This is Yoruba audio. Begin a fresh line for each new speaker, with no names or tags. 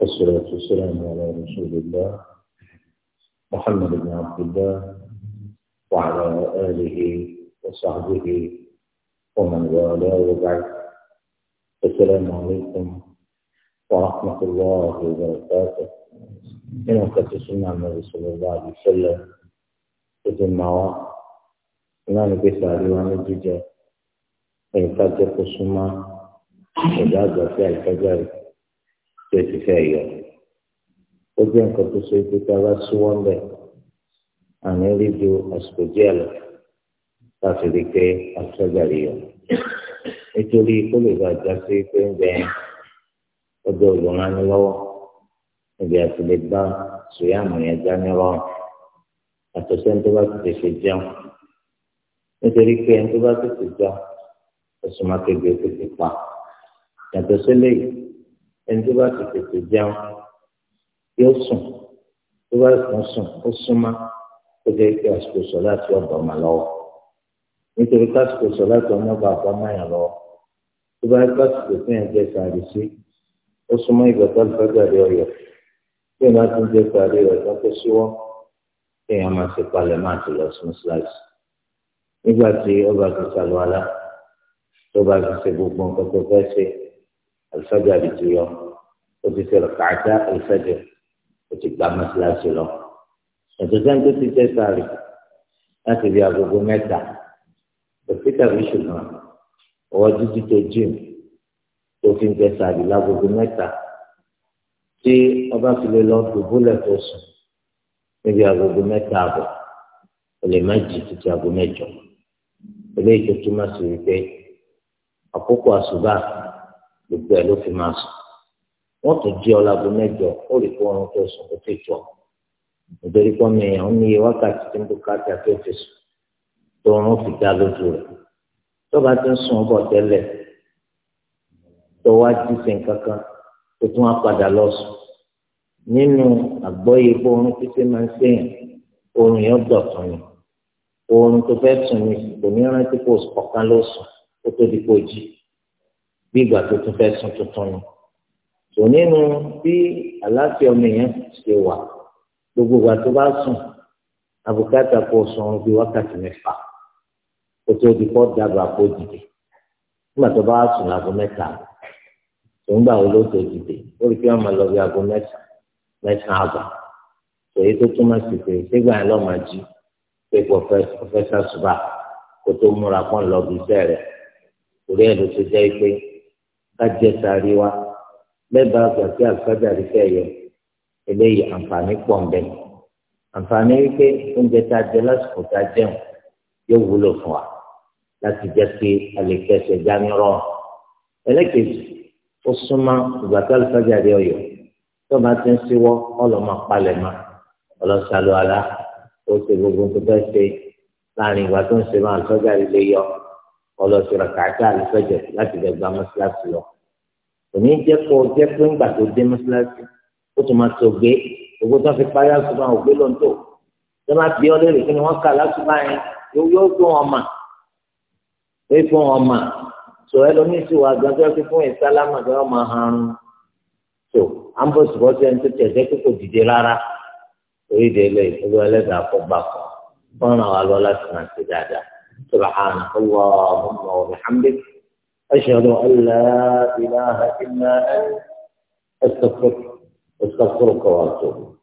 والصلاة والسلام على رسول الله محمد بن عبد الله وعلى آله وصحبه ومن والاه وبعد السلام عليكم ورحمة الله وبركاته إن وقت السنة النبي صلى الله عليه وسلم إذن ما إمام بسعر وأنا جيجا إن فاتك السنة إذا في الفجر tó ti fẹ́ yọ ó jẹ́ nǹkan tó so pé tá a bá súnwọ́ ń bẹ̀ àmì rí ju àsìkò díẹ̀ lọ láti rí pé afẹ́gbàrí yọ nítorí kó lè bá já sí pé ń bẹ ọjọ́ olùrànni lọ́wọ́ níbi àti lè bá sùyàmù yẹn já ní rọrùn àtọ̀sẹ́ni tó bá ti tẹ̀sẹ̀ jẹun nítorí pé ẹni tó bá tẹ̀sẹ̀ jẹun ẹ̀sùn máa kébé tètè pa yàtọ̀ sílẹ̀ yìí ẹni tó bá ti tètè jẹun yóò sùn tó bá sùn sùn ó súnmọ́ ó jẹ́ kí àsìkò sọ láti ọ̀bà ọmọ lọ́wọ́ nítorí kásìkò sọ láti ọmọ ọba àbámáyà lọ́wọ́ tó bá kásìkò fún ẹ̀ jẹ́ sàárì sí ó súnmọ́ ìgbàgbọ́ ìfẹ́gbàdé ọ̀yọ́ tí ìlú àti jẹ́ sàárì rẹ̀ tó kó síwọ́ kí èèyàn máa ṣe palẹ̀ máa ti lọ sún síláìsì nígbà tí ọba ti sàlùwalá tó bá ti ṣe gbogbo nǹkan tó fẹ́ ṣe àlùfáàjà àdìtúyọ́ ó ti tẹ̀lé kàtà ìfẹ́jẹ̀ ó ti gba mọ́sálásí lọ. ẹ̀sùn sẹ́ni tó ti jẹ́ sáré láti rí agogo mẹ́ta òsì tàbí ṣùgbọ́n ọwọ́ dídí tó jìm tó fi ń jẹ sáré lágogo mẹ́ta tí ọba fi lè lọ dùbúlẹ̀ tó sùn níbi agogo mẹ́ta àbọ̀ ó lè má jì títí agogo mẹ́jọ eléyìí tó túmọ̀ sí wípé àkókò àṣùbà gbogbo ẹ̀ ló fi máa sùn wọ́n tún jí ọ láago mẹ́jọ ó lè kó ọrùn tó sùn kó tó ìtọ nítorí pé ọmọ èèyàn ní iye wákàtí tí ń bó káàtì àti òfìsù tó ọrùn fi dá lójú rẹ̀ tó bá ti ń sùn bọ̀ tẹ́lẹ̀ tó wá jí sí nǹkan kan tó tún wá padà lọ sùn nínú àgbọ́yé bó oorun títí máa ń sèyàn oorun yẹn dọ̀tún ni oorun tó fẹ́ sùn ni kò ní rántí kó ọ̀kan ló sùn kó tó di kó jí bí ìgbà tó tún fẹ́ sùn tuntun ni kò nínú bí àlàáfíà ọmọ yẹn ṣe wà gbogbo ìgbà tó bá sùn àbùkátà kò sùn bí wákàtí mẹ́fà kò tó di kọ́ dábàá kó dìde nígbà tó bá sùn láago mẹ́ta tó ń gbà wọ́n ló tó dìde ó rí i pé wọ́n máa lọ bí aago mẹ́sàn mẹ́sàn àbà èyí tó túmọ̀ sí pé sígbà yẹn lọ́ọ́ máa jí pé pọfẹ́sà ṣùgbà kó tó múra pọ́n lọ bí iṣẹ́ rẹ̀ torí ẹ̀ ló ṣe jẹ́ pé ká jẹ́ sáré wá lẹ́bàá àgbàtí àgbàdà rí fẹ́ yọ eléyìí àǹfààní pọ̀ ń bẹ. àǹfààní wípé oúnjẹ tá a jẹ lásìkò tá a jẹun yóò wúlò fún wa láti jẹ́ pé a lè fẹsẹ̀ dání rọ̀. ẹlẹ́kejì ó súnmọ́ ìgbàtí àgbàdà rí ọ̀yọ́ tó bá ti ń síwọ́ ọlọ́mọ palẹ̀ mọ́ ọlọ́sàlù àlá ó ṣe gbogbo tó fẹ́ ṣe láàrin ìgbà tó ń ṣe máa sọ́jà ilé yọ ọlọ́sọ̀rọ̀ kàákà àlùfẹ́jẹ̀ láti dẹ̀gbà mọ́ṣáláṣí lọ òní jẹ́ kó o jẹ́ pé ńgbà tó dé mọ́ṣáláṣí ó tún máa tó gbé owó tó fi parí àṣùbà ògbé ló ń tò tó máa bí ọdẹ rè kí ni wọ́n kà láṣùbà yẹn yóò yóò fún wọn mà yóò fún wọn mà tó ẹ lómi sí wa gan tó fi fún ìsálámà tó máa hàn tó à ẹni tó tẹ̀ jẹ́ kókò dìde rárá orí ìdè ilé ìfúlú ẹlẹ́dàá kọ́ gbà kọ́ fọ́nrán lọ láti máa ṣe dáadáa subhanallahu wa bihamdihi. أشهد أن لا إله إلا أنت أستغفرك أستغفرك وأتوب